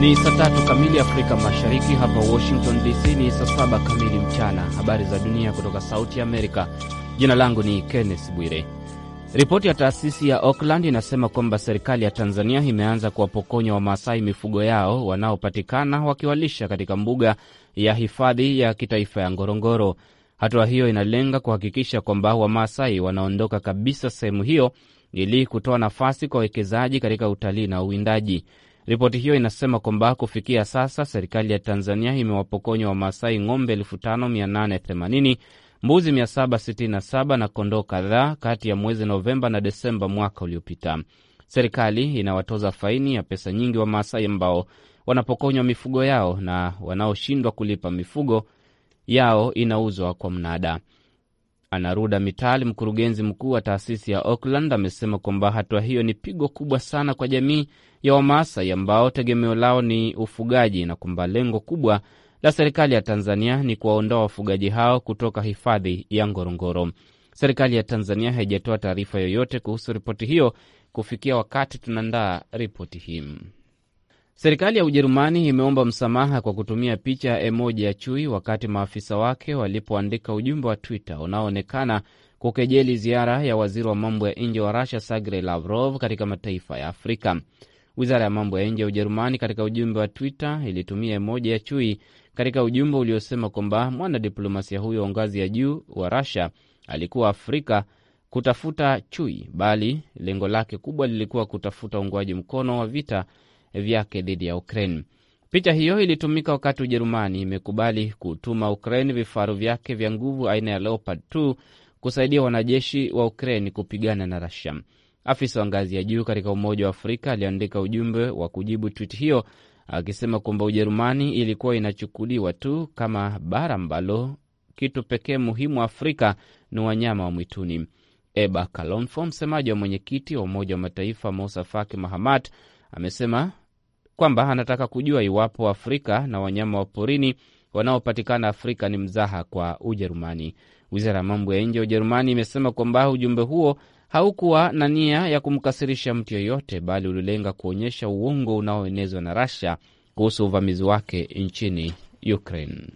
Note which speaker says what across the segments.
Speaker 1: Ni saa tatu kamili Afrika Mashariki. Hapa Washington DC ni saa saba kamili mchana. Habari za dunia kutoka Sauti ya Amerika. Jina langu ni Kenneth Bwire. Ripoti ya taasisi ya Auckland inasema kwamba serikali ya Tanzania imeanza kuwapokonya Wamaasai mifugo yao wanaopatikana wakiwalisha katika mbuga ya hifadhi ya kitaifa ya Ngorongoro. Hatua hiyo inalenga kuhakikisha kwamba Wamaasai wanaondoka kabisa sehemu hiyo ili kutoa nafasi kwa wawekezaji katika utalii na uwindaji. Ripoti hiyo inasema kwamba kufikia sasa serikali ya Tanzania imewapokonywa Wamaasai ng'ombe 5880 mbuzi 767 na kondoo kadhaa kati ya mwezi Novemba na Desemba mwaka uliopita. Serikali inawatoza faini ya pesa nyingi Wamaasai ambao wanapokonywa mifugo yao na wanaoshindwa kulipa mifugo yao inauzwa kwa mnada. Anaruda Mitali, mkurugenzi mkuu wa taasisi ya Auckland, amesema kwamba hatua hiyo ni pigo kubwa sana kwa jamii ya Wamaasai ambao tegemeo lao ni ufugaji na kwamba lengo kubwa la serikali ya Tanzania ni kuwaondoa wafugaji hao kutoka hifadhi ya Ngorongoro. Serikali ya Tanzania haijatoa taarifa yoyote kuhusu ripoti hiyo kufikia wakati tunaandaa ripoti hii. Serikali ya Ujerumani imeomba msamaha kwa kutumia picha ya emoji ya chui wakati maafisa wake walipoandika ujumbe wa Twitter unaoonekana kukejeli ziara ya waziri wa mambo ya nje wa Russia Sergey Lavrov katika mataifa ya Afrika. Wizara ya mambo ya nje ya Ujerumani katika ujumbe wa Twitter ilitumia emoji ya chui katika ujumbe uliosema kwamba mwanadiplomasia huyo wa ngazi ya juu wa Russia alikuwa Afrika kutafuta chui, bali lengo lake kubwa lilikuwa kutafuta uungwaji mkono wa vita vyake dhidi ya Ukraine. Picha hiyo ilitumika wakati Ujerumani imekubali kutuma Ukraine vifaru vyake vya nguvu aina ya Leopard 2 kusaidia wanajeshi wa Ukraine kupigana na rasia Afisa wa ngazi ya juu katika Umoja wa Afrika aliandika ujumbe wa kujibu twiti hiyo akisema kwamba Ujerumani ilikuwa inachukuliwa tu kama bara ambalo kitu pekee muhimu Afrika ni wanyama wa mwituni. Eba Kalonfo, msemaji wa mwenyekiti wa Umoja wa Mataifa Musa Faki Mahamat, amesema kwamba anataka kujua iwapo Afrika na wanyama wa porini wanaopatikana Afrika ni mzaha kwa Ujerumani. Wizara ya mambo ya nje ya Ujerumani imesema kwamba ujumbe huo haukuwa na nia ya kumkasirisha mtu yeyote, bali ulilenga kuonyesha uongo unaoenezwa na Russia kuhusu uvamizi wake nchini Ukraine.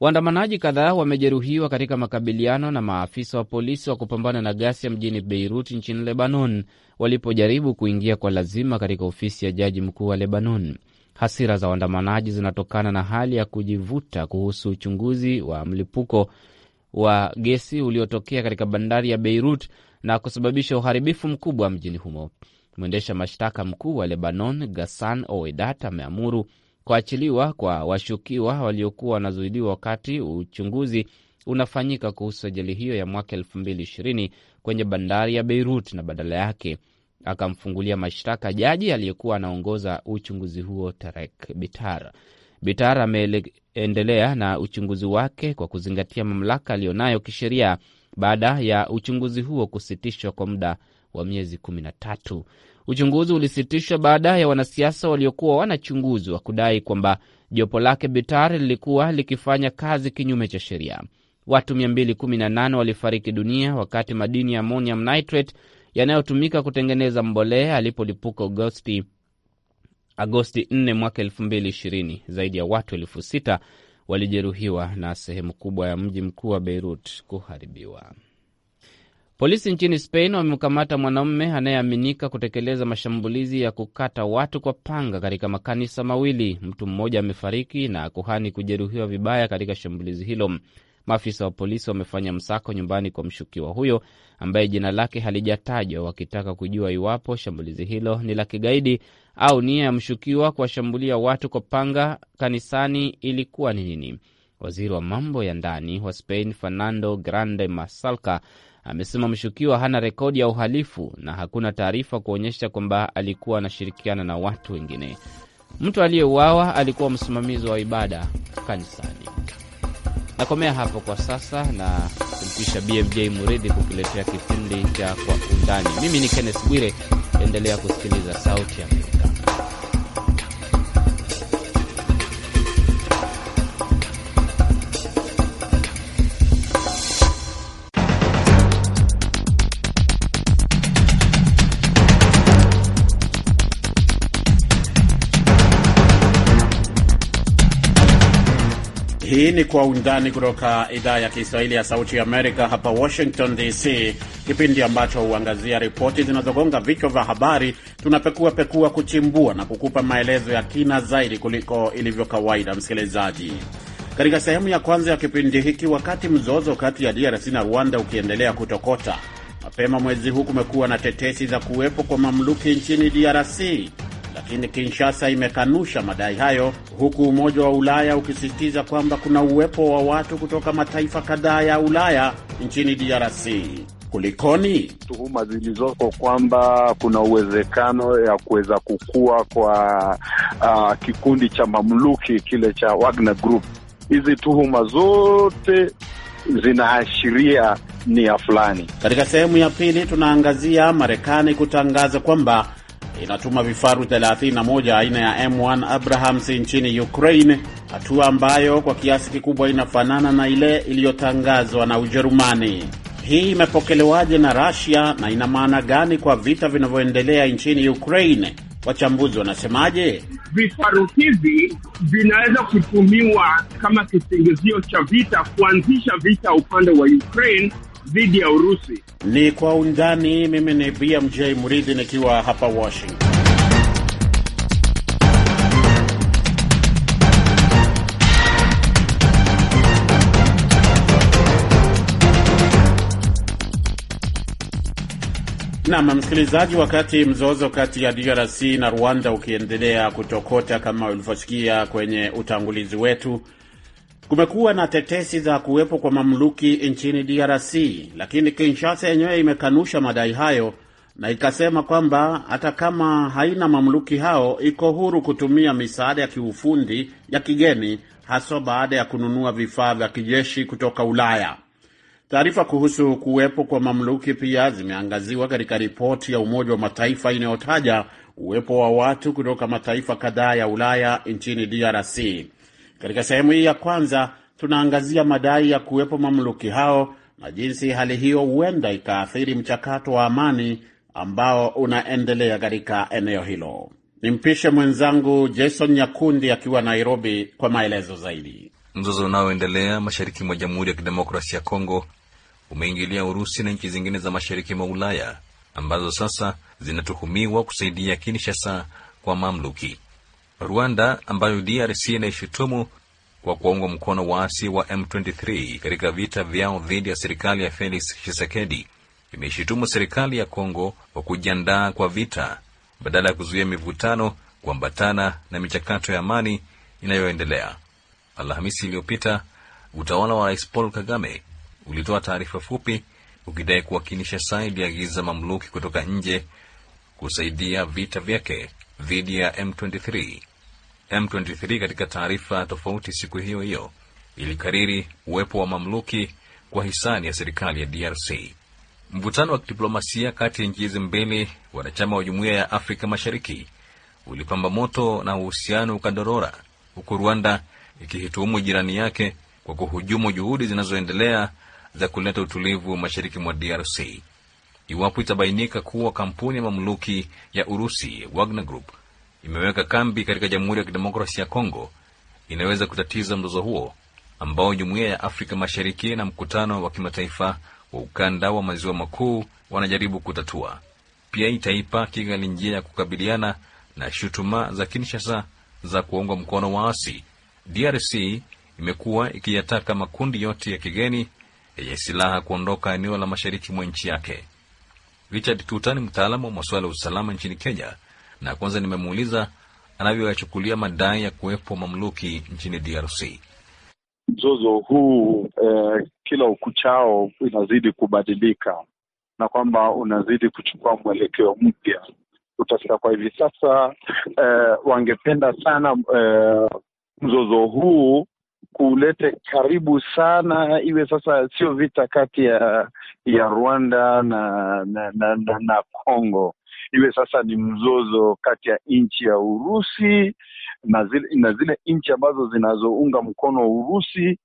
Speaker 1: Waandamanaji kadhaa wamejeruhiwa katika makabiliano na maafisa wa polisi wa kupambana na ghasia mjini Beirut nchini Lebanon walipojaribu kuingia kwa lazima katika ofisi ya jaji mkuu wa Lebanon. Hasira za waandamanaji zinatokana na hali ya kujivuta kuhusu uchunguzi wa mlipuko wa gesi uliotokea katika bandari ya Beirut na kusababisha uharibifu mkubwa mjini humo. Mwendesha mashtaka mkuu wa Lebanon Ghassan Oedat ameamuru kuachiliwa kwa washukiwa waliokuwa wanazuiliwa wakati uchunguzi unafanyika kuhusu ajali hiyo ya mwaka ishirini kwenye bandari ya Beirut, na badala yake akamfungulia mashtaka jaji aliyekuwa anaongoza uchunguzi huo Tarek Bitar. Bitar ameendelea na uchunguzi wake kwa kuzingatia mamlaka aliyonayo kisheria baada ya uchunguzi huo kusitishwa kwa muda wa miezi 1tatu Uchunguzi ulisitishwa baada ya wanasiasa waliokuwa wanachunguzwa kudai kwamba jopo lake Bitar lilikuwa likifanya kazi kinyume cha sheria. Watu 218 walifariki dunia wakati madini ya ammonium nitrate yanayotumika kutengeneza mbolea alipolipuka Agosti, Agosti 4 mwaka 2020. Zaidi ya watu elfu sita walijeruhiwa na sehemu kubwa ya mji mkuu wa Beirut kuharibiwa. Polisi nchini Spain wamemkamata mwanaume anayeaminika kutekeleza mashambulizi ya kukata watu kwa panga katika makanisa mawili. Mtu mmoja amefariki na kuhani kujeruhiwa vibaya katika shambulizi hilo. Maafisa wa polisi wamefanya msako nyumbani kwa mshukiwa huyo ambaye jina lake halijatajwa, wakitaka kujua iwapo shambulizi hilo ni la kigaidi au nia ya mshukiwa kuwashambulia watu kwa panga kanisani ilikuwa ni nini. Waziri wa mambo ya ndani wa Spain Fernando Grande Marsalka amesema mshukiwa hana rekodi ya uhalifu na hakuna taarifa kuonyesha kwamba alikuwa anashirikiana na watu wengine. Mtu aliyeuawa alikuwa msimamizi wa ibada kanisani. Nakomea hapo kwa sasa na kumpisha BMJ Muridhi kukiletea kipindi cha Kwa Undani. Mimi ni Kenneth Bwire, endelea kusikiliza Sauti ya
Speaker 2: Hii ni Kwa Undani kutoka idhaa ya Kiswahili ya Sauti ya Amerika hapa Washington DC, kipindi ambacho huangazia ripoti zinazogonga vichwa vya habari. Tunapekuapekua, kuchimbua na kukupa maelezo ya kina zaidi kuliko ilivyo kawaida. Msikilizaji, katika sehemu ya kwanza ya kipindi hiki, wakati mzozo kati ya DRC na Rwanda ukiendelea kutokota, mapema mwezi huu kumekuwa na tetesi za kuwepo kwa mamluki nchini DRC lakini Kinshasa imekanusha madai hayo, huku Umoja wa Ulaya ukisisitiza kwamba kuna uwepo wa watu kutoka mataifa kadhaa ya Ulaya nchini DRC.
Speaker 3: Kulikoni tuhuma zilizoko kwamba kuna uwezekano ya kuweza kukua kwa uh, kikundi cha mamluki kile cha Wagner Group. Hizi tuhuma zote zinaashiria nia fulani. Katika
Speaker 2: sehemu ya pili, tunaangazia Marekani kutangaza kwamba inatuma vifaru 31 aina ya M1 Abrahams nchini Ukraine, hatua ambayo kwa kiasi kikubwa inafanana na ile iliyotangazwa na Ujerumani. Hii imepokelewaje na Russia na ina maana gani kwa vita vinavyoendelea nchini Ukraine? Wachambuzi wanasemaje?
Speaker 4: Vifaru hivi vinaweza kutumiwa kama kisingizio cha vita, kuanzisha vita upande wa Ukraine dhidi ya Urusi.
Speaker 2: Ni kwa undani. Mimi ni BMJ Muridhi nikiwa hapa Washington. Nam msikilizaji, wakati mzozo kati ya DRC na Rwanda ukiendelea kutokota kama ulivyosikia kwenye utangulizi wetu, Kumekuwa na tetesi za kuwepo kwa mamluki nchini DRC, lakini Kinshasa yenyewe imekanusha madai hayo na ikasema kwamba hata kama haina mamluki hao iko huru kutumia misaada ya kiufundi ya kigeni, haswa baada ya kununua vifaa vya kijeshi kutoka Ulaya. Taarifa kuhusu kuwepo kwa mamluki pia zimeangaziwa katika ripoti ya Umoja wa Mataifa inayotaja uwepo wa watu kutoka mataifa kadhaa ya Ulaya nchini DRC. Katika sehemu hii ya kwanza tunaangazia madai ya kuwepo mamluki hao na jinsi hali hiyo huenda ikaathiri mchakato wa amani ambao unaendelea katika eneo hilo. Nimpishe mwenzangu Jason Nyakundi akiwa Nairobi kwa maelezo zaidi.
Speaker 5: Mzozo unaoendelea mashariki mwa Jamhuri ya Kidemokrasia ya Kongo umeingilia Urusi na nchi zingine za mashariki mwa Ulaya ambazo sasa zinatuhumiwa kusaidia Kinshasa kwa mamluki. Rwanda ambayo DRC inaishutumu kwa kuwaunga mkono waasi wa M23 katika vita vyao dhidi ya serikali ya Felix Tshisekedi imeishutumu serikali ya Kongo kwa kujiandaa kwa vita badala ya kuzuia mivutano kuambatana na michakato ya amani inayoendelea. Alhamisi iliyopita utawala wa Rais Paul Kagame ulitoa taarifa fupi ukidai kuwakilisha saa iliagiza mamluki kutoka nje kusaidia vita vyake dhidi ya M23 M23 katika taarifa tofauti siku hiyo hiyo ilikariri uwepo wa mamluki kwa hisani ya serikali ya DRC. Mvutano wa kidiplomasia kati ya nchi hizi mbili wanachama wa Jumuiya ya Afrika Mashariki ulipamba moto na uhusiano ukadorora, huku Rwanda ikihitumu jirani yake kwa kuhujumu juhudi zinazoendelea za kuleta utulivu mashariki mwa DRC. Iwapo itabainika kuwa kampuni ya mamluki ya Urusi Wagner Group imeweka kambi katika Jamhuri ya Kidemokrasia ya Kongo inaweza kutatiza mzozo huo ambao Jumuiya ya Afrika Mashariki na mkutano wa kimataifa wa ukanda wa maziwa makuu wanajaribu kutatua. Pia itaipa Kigali njia ya kukabiliana na shutuma za Kinshasa za kuwaunga mkono waasi. DRC imekuwa ikiyataka makundi yote ya kigeni yenye silaha kuondoka eneo la mashariki mwa nchi yake. Richard Tuta ni mtaalamu wa masuala ya usalama nchini Kenya na kwanza nimemuuliza anavyoyachukulia madai ya kuwepo mamluki nchini DRC.
Speaker 3: Mzozo huu eh, kila ukuchao inazidi kubadilika na kwamba unazidi kuchukua mwelekeo mpya. Utafika kwa hivi sasa eh, wangependa sana eh, mzozo huu kuulete karibu sana, iwe sasa sio vita kati ya ya Rwanda na na, na, na, na iwe sasa ni mzozo kati ya nchi ya Urusi na zile, na zile nchi ambazo zinazounga mkono Urusi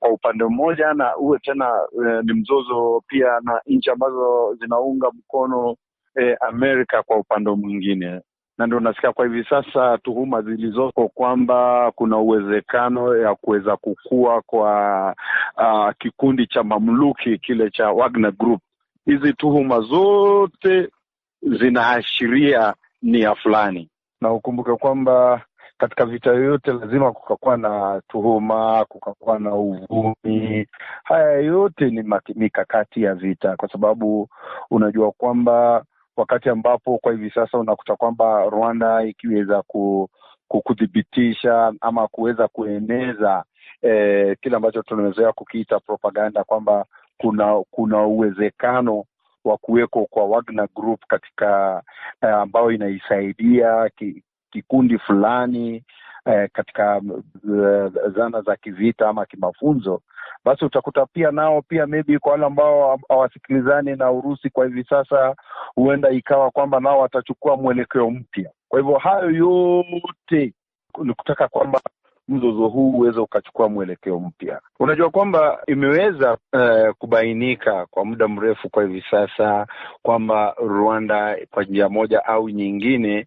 Speaker 3: kwa upande mmoja, na uwe tena e, ni mzozo pia na nchi ambazo zinaunga mkono e, Amerika kwa upande mwingine na ndio nasikia kwa hivi sasa tuhuma zilizoko kwamba kuna uwezekano ya kuweza kukua kwa uh, kikundi cha mamluki kile cha Wagner Group. Hizi tuhuma zote zinaashiria nia fulani, na ukumbuke kwamba katika vita yoyote lazima kukakuwa na tuhuma, kukakuwa na uvumi. Haya yote ni mikakati ya vita, kwa sababu unajua kwamba wakati ambapo kwa hivi sasa unakuta kwamba Rwanda ikiweza kudhibitisha ama kuweza kueneza eh, kile ambacho tunawezea kukiita propaganda kwamba kuna kuna uwezekano wa kuweko kwa Wagner Group katika eh, ambayo inaisaidia ki, kikundi fulani uh, katika eh, zana za kivita ama kimafunzo, basi utakuta pia nao pia maybe kwa wale ambao hawasikilizani na Urusi kwa hivi sasa, huenda ikawa kwamba nao watachukua mwelekeo mpya. Kwa hivyo hayo yote ni kutaka kwamba mzozo huu huweza ukachukua mwelekeo mpya. Unajua kwamba imeweza uh, kubainika kwa muda mrefu kwa hivi sasa kwamba Rwanda kwa njia moja au nyingine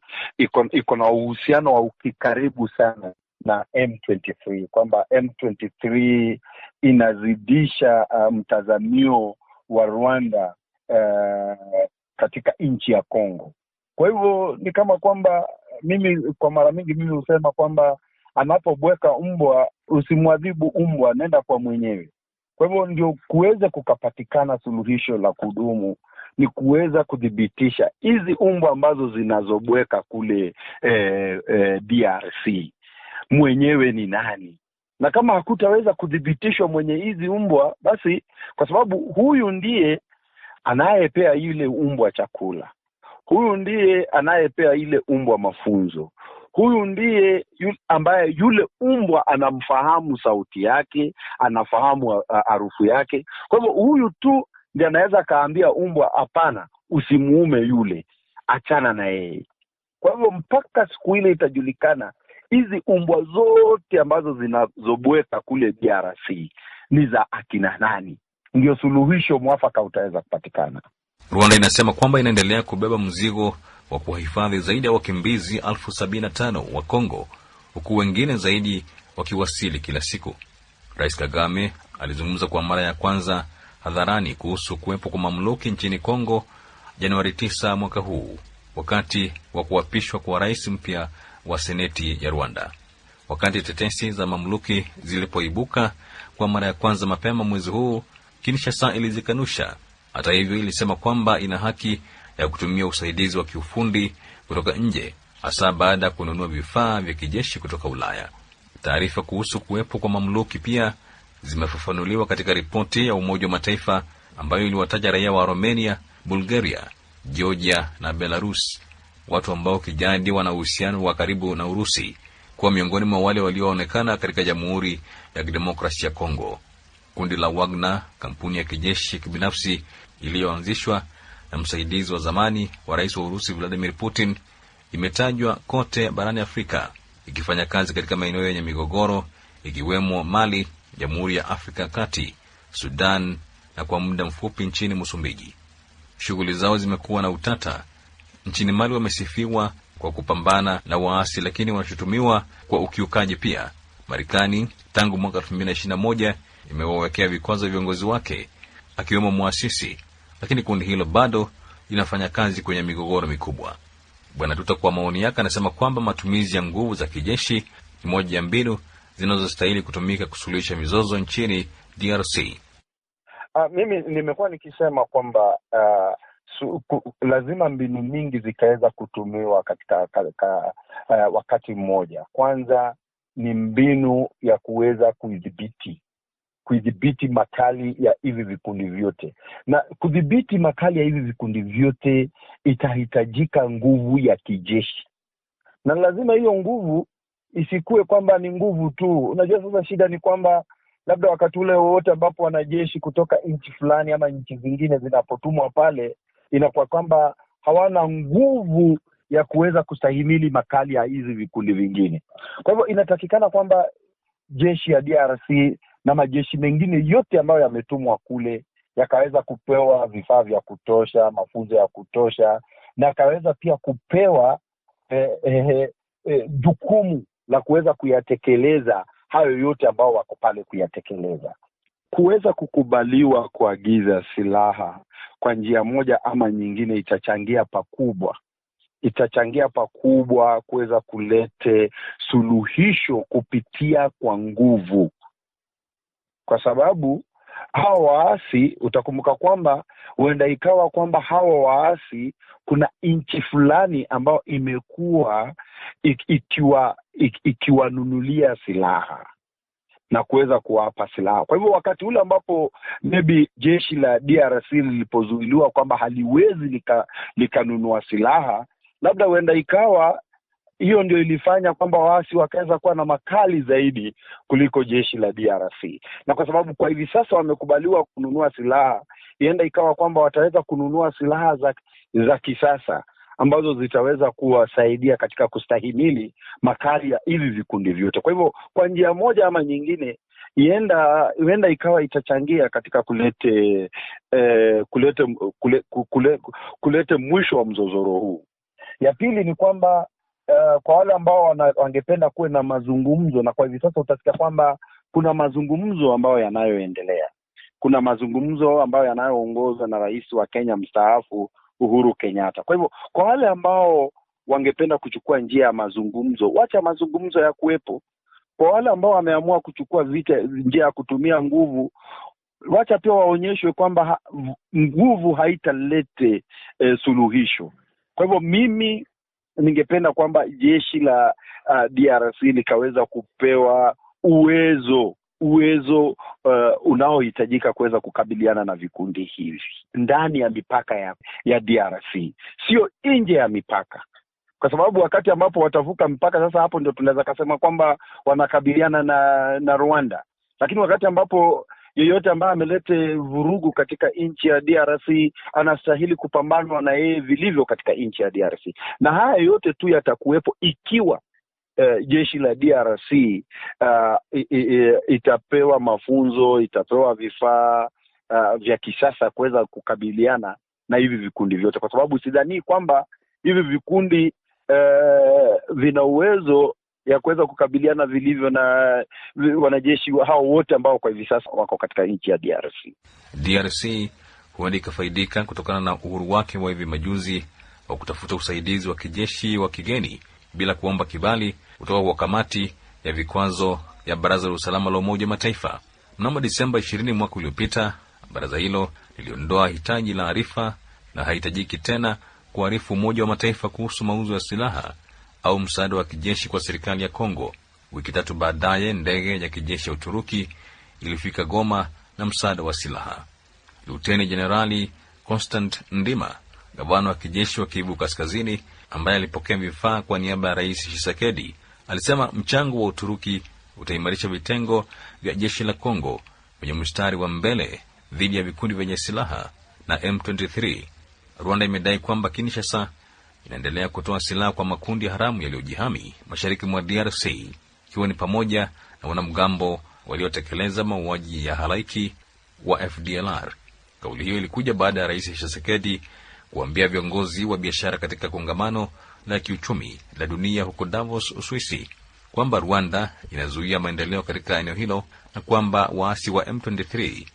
Speaker 3: iko na uhusiano wa ukikaribu sana na M23 kwamba M23 inazidisha uh, mtazamio wa Rwanda uh, katika nchi ya Kongo. Kwa hivyo ni kama kwamba mimi kwa mara mingi mimi husema kwamba anapobweka mbwa, usimwadhibu mbwa, nenda kwa mwenyewe. Kwa hivyo ndio kuweze kukapatikana suluhisho la kudumu ni kuweza kuthibitisha hizi umbwa ambazo zinazobweka kule eh, eh, DRC mwenyewe ni nani, na kama hakutaweza kuthibitishwa mwenye hizi umbwa, basi kwa sababu huyu ndiye anayepea ile umbwa chakula, huyu ndiye anayepea ile umbwa mafunzo, Huyu ndiye yule ambaye yule umbwa anamfahamu sauti yake, anafahamu uh, uh, harufu yake. Kwa hivyo huyu tu ndiye anaweza akaambia umbwa, hapana, usimuume yule, achana na yeye. Kwa hivyo mpaka siku ile itajulikana hizi umbwa zote ambazo zinazobweka kule DRC ni za akina nani, ndio suluhisho mwafaka utaweza kupatikana.
Speaker 5: Rwanda inasema kwamba inaendelea kubeba mzigo wa kuwahifadhi zaidi ya wakimbizi elfu sabini na tano wa Kongo, huku wengine zaidi wakiwasili kila siku. Rais Kagame alizungumza kwa mara ya kwanza hadharani kuhusu kuwepo kwa mamluki nchini Kongo Januari 9 mwaka huu wakati wa kuapishwa kwa rais mpya wa seneti ya Rwanda. Wakati tetesi za mamluki zilipoibuka kwa mara ya kwanza mapema mwezi huu, Kinshasa ilizikanusha. Hata hivyo, ilisema kwamba ina haki ya kutumia usaidizi wa kiufundi kutoka nje, hasa baada ya kununua vifaa vya kijeshi kutoka Ulaya. Taarifa kuhusu kuwepo kwa mamluki pia zimefafanuliwa katika ripoti ya Umoja wa Mataifa ambayo iliwataja raia wa Romania, Bulgaria, Georgia na Belarus, watu ambao kijadi wana uhusiano wa karibu na Urusi, kuwa miongoni mwa wale walioonekana katika Jamhuri ya Kidemokrasia ya Kongo. Kundi la Wagner, kampuni ya kijeshi kibinafsi iliyoanzishwa na msaidizi wa zamani wa rais wa Urusi Vladimir Putin imetajwa kote barani Afrika ikifanya kazi katika maeneo yenye migogoro ikiwemo Mali, Jamhuri ya Afrika ya Kati, Sudan na kwa muda mfupi nchini Msumbiji. Shughuli zao zimekuwa na utata. Nchini Mali wamesifiwa kwa kupambana na waasi, lakini wanashutumiwa kwa ukiukaji pia. Marekani tangu mwaka 2021 imewawekea vikwazo viongozi wake akiwemo mwasisi lakini kundi hilo bado linafanya kazi kwenye migogoro mikubwa. Bwana Tuta kwa maoni yake anasema kwamba matumizi ya nguvu za kijeshi ni moja ya mbinu zinazostahili kutumika kusuluhisha mizozo nchini DRC.
Speaker 3: Uh, ah, mimi nimekuwa nikisema kwamba uh, su, ku, lazima mbinu nyingi zikaweza kutumiwa katika ka, ka, uh, wakati mmoja. Kwanza ni mbinu ya kuweza kuidhibiti kuidhibiti makali ya hivi vikundi vyote, na kudhibiti makali ya hivi vikundi vyote itahitajika nguvu ya kijeshi, na lazima hiyo nguvu isikuwe kwamba ni nguvu tu. Unajua, sasa shida ni kwamba labda wakati ule wowote ambapo wanajeshi kutoka nchi fulani ama nchi zingine zinapotumwa pale, inakuwa kwamba hawana nguvu ya kuweza kustahimili makali ya hizi vikundi vingine. Kwa hivyo inatakikana kwamba jeshi ya DRC na majeshi mengine yote ambayo yametumwa kule yakaweza kupewa vifaa vya kutosha, mafunzo ya kutosha, na akaweza pia kupewa eh, eh, eh, eh, jukumu la kuweza kuyatekeleza hayo yote ambao wako pale kuyatekeleza. Kuweza kukubaliwa kuagiza silaha kwa njia moja ama nyingine itachangia pakubwa itachangia pakubwa kuweza kulete suluhisho kupitia kwa nguvu kwa sababu hawa waasi utakumbuka kwamba huenda ikawa kwamba hawa waasi kuna nchi fulani ambayo imekuwa ik, ikiwa ik, ikiwanunulia silaha na kuweza kuwapa silaha. Kwa hivyo wakati ule ambapo maybe jeshi la DRC lilipozuiliwa kwamba haliwezi likanunua lika silaha, labda huenda ikawa hiyo ndio ilifanya kwamba waasi wakaweza kuwa na makali zaidi kuliko jeshi la DRC, na kwa sababu kwa hivi sasa wamekubaliwa kununua silaha, ienda ikawa kwamba wataweza kununua silaha za, za kisasa ambazo zitaweza kuwasaidia katika kustahimili makali ya hivi vikundi vyote. Kwa hivyo kwa njia moja ama nyingine ienda huenda ikawa itachangia katika kulete eh, kulete kule, kule, kulete mwisho wa mzozoro huu. Ya pili ni kwamba uh, kwa wale ambao wangependa kuwe na mazungumzo, na kwa hivi sasa utasikia kwamba kuna mazungumzo ambayo yanayoendelea. Kuna mazungumzo ambayo yanayoongozwa na rais wa Kenya mstaafu Uhuru Kenyatta. Kwa hivyo kwa wale ambao wangependa kuchukua njia ya mazungumzo, wacha mazungumzo ya kuwepo. Kwa wale ambao wameamua kuchukua vita, njia ya kutumia nguvu, wacha pia waonyeshwe kwamba ha, nguvu haitalete e, suluhisho. Kwa hivyo mimi ningependa kwamba jeshi la uh, DRC likaweza kupewa uwezo uwezo uh, unaohitajika kuweza kukabiliana na vikundi hivi ndani ya mipaka ya, ya DRC, sio nje ya mipaka, kwa sababu wakati ambapo watavuka mpaka sasa, hapo ndio tunaweza kasema kwamba wanakabiliana na, na Rwanda, lakini wakati ambapo yeyote ambaye amelete vurugu katika nchi ya DRC anastahili kupambanwa na yeye vilivyo katika nchi ya DRC, na haya yote tu yatakuwepo ikiwa Uh, jeshi la DRC uh, ah, i, i, itapewa mafunzo, itapewa vifaa uh, vya kisasa kuweza kukabiliana na hivi vikundi vyote, kwa sababu sidhanii kwamba hivi vikundi uh, vina uwezo ya kuweza kukabiliana vilivyo na wanajeshi hao wote ambao kwa hivi sasa wako katika nchi ya DRC.
Speaker 5: DRC huenda ikafaidika kutokana na uhuru wake wa hivi majuzi wa kutafuta usaidizi wa kijeshi wa kigeni bila kuomba kibali kutoka kwa kamati ya vikwazo ya Baraza la Usalama la Umoja Mataifa. Mnamo Disemba ishirini mwaka uliopita, baraza hilo liliondoa hitaji la arifa na hahitajiki tena kuarifu Umoja wa Mataifa kuhusu mauzo ya silaha au msaada wa kijeshi kwa serikali ya Kongo. Wiki tatu baadaye, ndege ya kijeshi ya Uturuki ilifika Goma na msaada wa silaha. Luteni Jenerali Constant Ndima, gavana wa kijeshi wa Kivu Kaskazini, ambaye alipokea vifaa kwa niaba ya Rais Tshisekedi, alisema mchango wa Uturuki utaimarisha vitengo vya jeshi la Kongo kwenye mstari wa mbele dhidi ya vikundi vyenye silaha na M23. Rwanda imedai kwamba Kinshasa inaendelea kutoa silaha kwa makundi haramu yaliyojihami mashariki mwa DRC ikiwa ni pamoja na wanamgambo waliotekeleza mauaji ya halaiki wa FDLR. Kauli hiyo ilikuja baada ya Rais Tshisekedi kuambia viongozi wa biashara katika kongamano la kiuchumi la dunia huko Davos, Uswisi, kwamba Rwanda inazuia maendeleo katika eneo hilo na kwamba waasi wa M23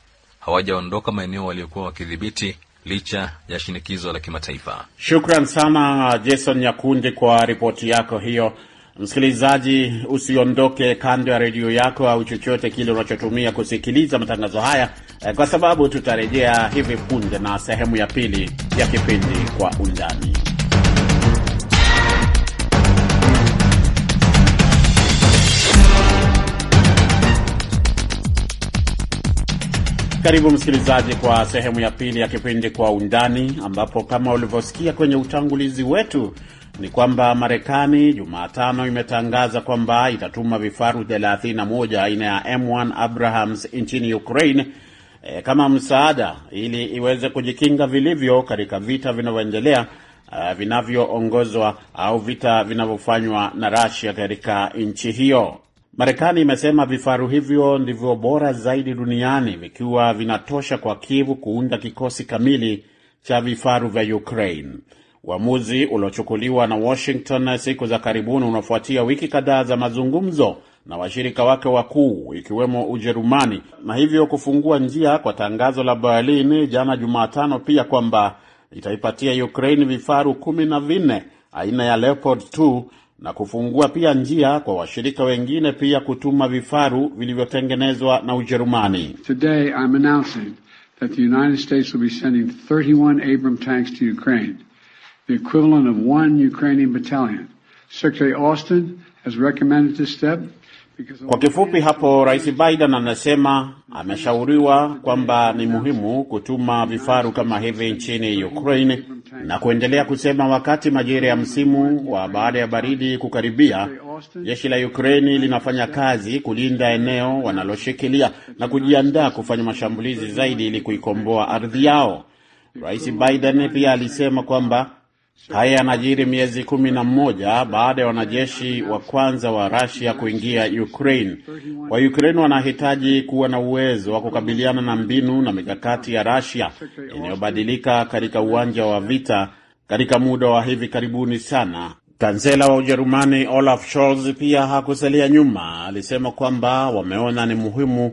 Speaker 5: hawajaondoka maeneo waliokuwa wakidhibiti licha ya shinikizo la kimataifa.
Speaker 2: Shukran sana Jason Nyakundi kwa ripoti yako hiyo. Msikilizaji, usiondoke kando ya redio yako au chochote kile unachotumia kusikiliza matangazo haya, eh, kwa sababu tutarejea hivi punde na sehemu ya pili ya kipindi Kwa Undani. Karibu msikilizaji, kwa sehemu ya pili ya kipindi Kwa Undani, ambapo kama ulivyosikia kwenye utangulizi wetu ni kwamba Marekani Jumatano imetangaza kwamba itatuma vifaru 31 aina ya M1 Abrahams nchini Ukraine e, kama msaada ili iweze kujikinga vilivyo katika vita vinavyoendelea uh, vinavyoongozwa au vita vinavyofanywa na Russia katika nchi hiyo. Marekani imesema vifaru hivyo ndivyo bora zaidi duniani vikiwa vinatosha kwa Kivu kuunda kikosi kamili cha vifaru vya Ukraine. Uamuzi uliochukuliwa na Washington siku za karibuni unafuatia wiki kadhaa za mazungumzo na washirika wake wakuu ikiwemo Ujerumani na hivyo kufungua njia kwa tangazo la Berlin jana Jumatano pia kwamba itaipatia Ukraine vifaru kumi na vinne aina ya Leopard 2 na kufungua pia njia kwa washirika wengine pia kutuma vifaru vilivyotengenezwa na Ujerumani.
Speaker 4: Today I'm announcing that the United States will be sending 31 Abrams tanks to Ukraine, the equivalent of one Ukrainian battalion. Secretary Austin has recommended this step.
Speaker 2: Kwa kifupi hapo, Rais Biden anasema ameshauriwa kwamba ni muhimu kutuma vifaru kama hivi nchini Ukraine na kuendelea kusema wakati majira ya msimu wa baada ya baridi kukaribia, jeshi la Ukraini linafanya kazi kulinda eneo wanaloshikilia na kujiandaa kufanya mashambulizi zaidi ili kuikomboa ardhi yao. Rais Biden pia alisema kwamba Haya yanajiri miezi kumi na mmoja baada ya wanajeshi wa kwanza wa Russia kuingia Ukraine. Wa Ukraine wanahitaji kuwa na uwezo wa kukabiliana na mbinu na mikakati ya Russia inayobadilika katika uwanja wa vita katika muda wa hivi karibuni sana. Kansela wa Ujerumani Olaf Scholz pia hakusalia nyuma, alisema kwamba wameona ni muhimu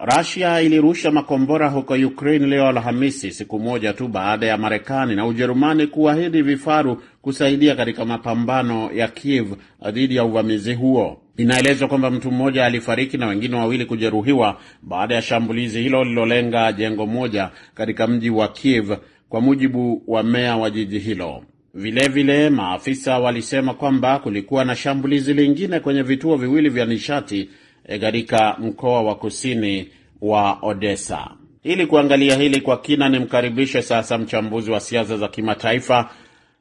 Speaker 2: Rasia ilirusha makombora huko Ukraine leo Alhamisi, siku moja tu baada ya Marekani na Ujerumani kuahidi vifaru kusaidia katika mapambano ya Kiev dhidi ya uvamizi huo. Inaelezwa kwamba mtu mmoja alifariki na wengine wawili kujeruhiwa baada ya shambulizi hilo lililolenga jengo moja katika mji wa Kiev, kwa mujibu wa meya wa jiji hilo. Vilevile vile, maafisa walisema kwamba kulikuwa na shambulizi lingine kwenye vituo viwili vya nishati Eh, katika mkoa wa kusini wa Odessa. Ili kuangalia hili kwa kina, nimkaribishe sasa mchambuzi wa siasa za kimataifa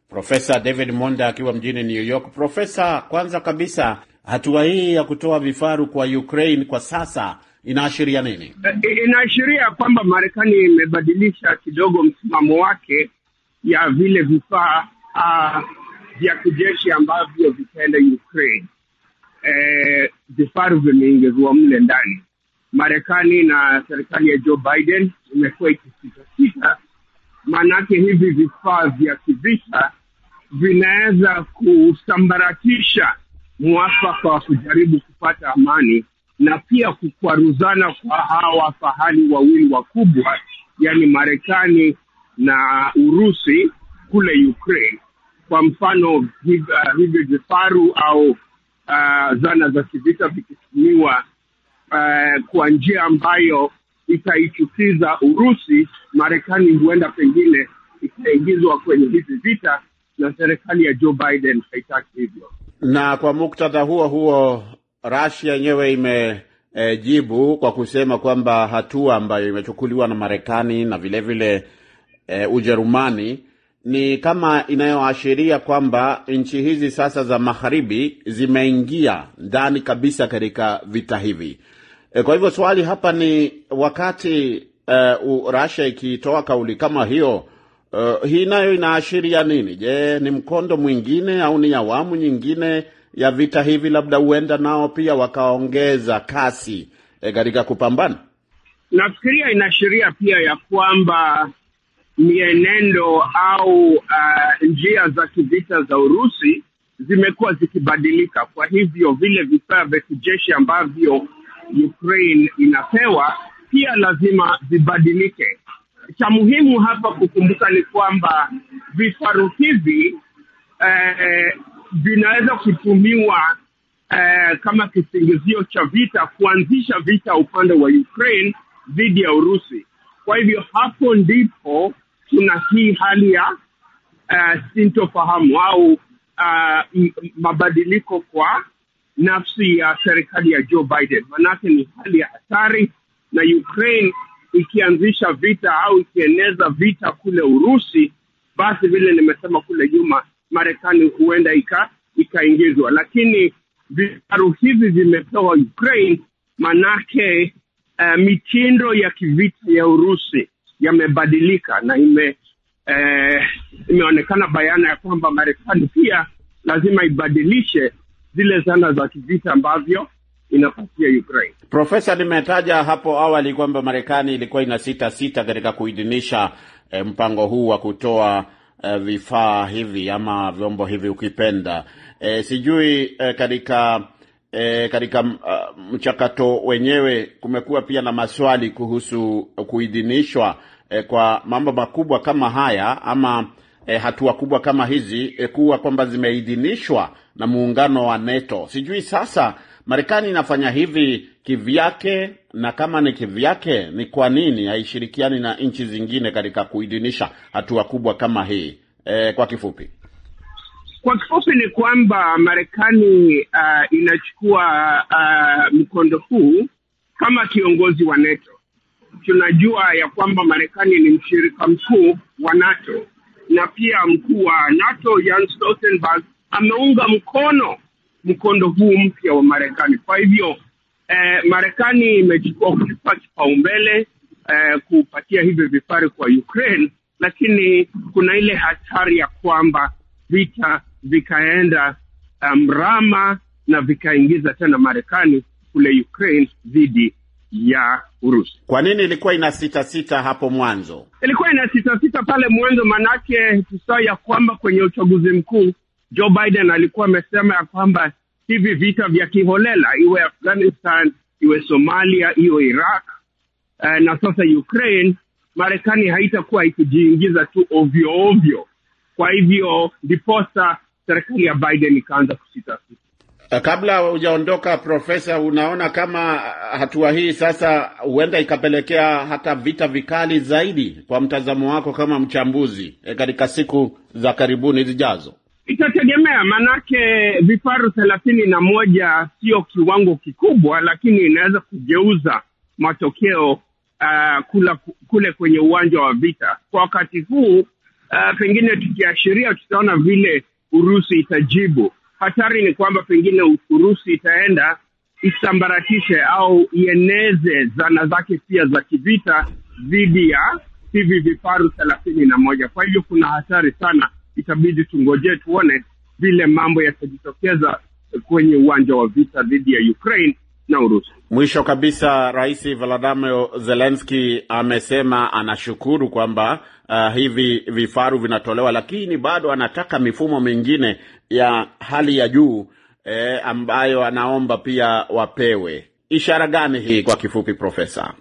Speaker 2: Profesa David Monda akiwa mjini New York. Profesa, kwanza kabisa, hatua hii ya kutoa vifaru kwa Ukraine kwa sasa inaashiria nini?
Speaker 4: Eh, eh, inaashiria kwamba Marekani imebadilisha kidogo msimamo wake ya vile vifaa ah, vya kijeshi ambavyo vitaenda Ukraine eh, vifaru vimeingizwa mle ndani. Marekani na serikali ya Joe Biden imekuwa ikisitasita, maanake hivi vifaa vya kivita vinaweza kusambaratisha mwafaka wa kujaribu kupata amani na pia kukwaruzana kwa hawa fahali wawili wakubwa, yani Marekani na Urusi kule Ukraine. Kwa mfano hivyo vifaru au uh, zana za kivita vikitumiwa uh, eh, kwa njia ambayo itaichukiza Urusi, Marekani huenda pengine ikaingizwa kwenye hivi vita, na serikali ya Joe Biden haitaki hivyo.
Speaker 2: Na kwa muktadha huo huo, Russia yenyewe imejibu eh, e, kwa kusema kwamba hatua ambayo imechukuliwa na Marekani na vilevile vile, e, Ujerumani ni kama inayoashiria kwamba nchi hizi sasa za magharibi zimeingia ndani kabisa katika vita hivi. E, kwa hivyo swali hapa ni wakati uh, Russia ikitoa kauli kama hiyo uh, hii nayo inaashiria nini? Je, ni mkondo mwingine au ni awamu nyingine ya vita hivi? Labda huenda nao pia wakaongeza kasi katika e, kupambana.
Speaker 4: Nafikiria inaashiria pia ya kwamba mienendo au uh, njia za kivita za Urusi zimekuwa zikibadilika. Kwa hivyo vile vifaa vya kijeshi ambavyo Ukraine inapewa pia lazima vibadilike. Cha muhimu hapa kukumbuka ni kwamba vifaru hivi eh, vinaweza kutumiwa eh, kama kisingizio cha vita, kuanzisha vita upande wa Ukraine dhidi ya Urusi. Kwa hivyo hapo ndipo kuna hii hali ya uh, sintofahamu au uh, mabadiliko kwa nafsi ya serikali ya Joe Biden, manake ni hali ya hatari, na Ukraine ikianzisha vita au ikieneza vita kule Urusi, basi vile nimesema kule nyuma, Marekani huenda ika ikaingizwa, lakini vifaru hivi vimepewa Ukraine manake uh, mitindo ya kivita ya Urusi yamebadilika na ime, eh, imeonekana bayana ya kwamba Marekani pia lazima ibadilishe zile zana za kivita ambavyo inapatia Ukraine. Profesa, nimetaja hapo awali kwamba
Speaker 2: Marekani ilikuwa ina sita sita katika kuidhinisha eh, mpango huu wa kutoa eh, vifaa hivi ama vyombo hivi ukipenda eh, sijui eh, katika e, katika uh, mchakato wenyewe kumekuwa pia na maswali kuhusu kuidhinishwa e, kwa mambo makubwa kama haya ama e, hatua kubwa kama hizi e, kuwa kwamba zimeidhinishwa na muungano wa NATO. Sijui sasa Marekani inafanya hivi kivyake, na kama ni kivyake, ni kwa nini haishirikiani na nchi zingine katika kuidhinisha hatua kubwa kama hii? E, kwa kifupi
Speaker 4: kwa kifupi ni kwamba Marekani uh, inachukua uh, mkondo huu kama kiongozi wa NATO. Tunajua ya kwamba Marekani ni mshirika mkuu wa NATO na pia mkuu wa NATO Jens Stoltenberg ameunga mkono mkondo huu mpya wa Marekani. Kwa hivyo eh, Marekani imechukua kuipa kipaumbele eh, kupatia hivyo vifari kwa Ukraine, lakini kuna ile hatari ya kwamba vita vikaenda um, na vikaingiza tena Marekani kule Ukraine dhidi ya Urusi.
Speaker 2: Kwa nini ilikuwa ina sita sita hapo mwanzo?
Speaker 4: Ilikuwa ina sita sita pale mwanzo, manake tusao ya kwamba kwenye uchaguzi mkuu Joe Biden alikuwa amesema ya kwamba hivi vita vya kiholela, iwe Afghanistan, iwe Somalia, iwe Iraq uh, na sasa Ukraine, Marekani haitakuwa ikijiingiza tu ovyo ovyo. Kwa hivyo ndiposa serikali ya Biden ikaanza kusita
Speaker 2: eh, Kabla hujaondoka Profesa, unaona kama hatua hii sasa huenda ikapelekea hata vita vikali zaidi, kwa mtazamo wako kama mchambuzi, e, katika siku za karibuni zijazo?
Speaker 4: Itategemea, maanake vifaru thelathini na moja sio kiwango kikubwa, lakini inaweza kugeuza matokeo uh, kula, kule kwenye uwanja wa vita kwa wakati huu. Uh, pengine tukiashiria, tutaona vile Urusi itajibu. Hatari ni kwamba pengine Urusi itaenda isambaratishe au ieneze zana zake pia za kivita dhidi ya hivi vifaru thelathini na moja. Kwa hivyo kuna hatari sana, itabidi tungojee tuone vile mambo yatajitokeza kwenye uwanja wa vita dhidi ya Ukraine na Urusi. Mwisho kabisa, Rais Vladimir
Speaker 2: zelenski amesema anashukuru kwamba uh, hivi vifaru vinatolewa, lakini bado anataka mifumo mingine ya hali ya juu eh, ambayo anaomba pia wapewe. Ishara gani hii kwa kifupi, Profesa?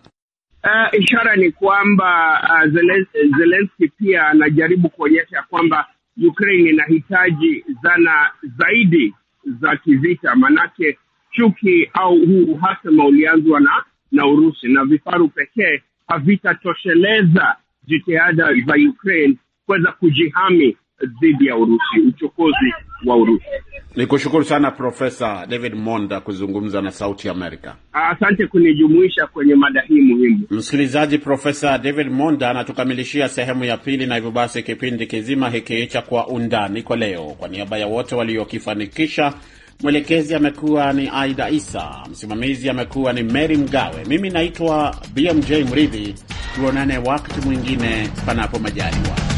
Speaker 4: Uh, ishara ni kwamba uh, Zelenski, Zelenski pia anajaribu kuonyesha kwamba Ukraine inahitaji zana zaidi za kivita manake chuki au huu uhasama ulianzwa na, na Urusi na vifaru pekee havitatosheleza jitihada za Ukraine kuweza kujihami dhidi ya Urusi, uchokozi wa Urusi. Ni kushukuru sana Profesa
Speaker 2: David Monda kuzungumza na Sauti Amerika.
Speaker 4: Asante kunijumuisha kwenye mada hii muhimu.
Speaker 2: Msikilizaji, Profesa David Monda anatukamilishia sehemu ya pili, na hivyo basi kipindi kizima hiki cha Kwa Undani kwa leo, kwa niaba ya wote waliokifanikisha Mwelekezi amekuwa ni Aida Isa, msimamizi amekuwa ni Mary Mgawe. Mimi naitwa BMJ Mridhi. Tuonane wakati mwingine, panapo majaliwa.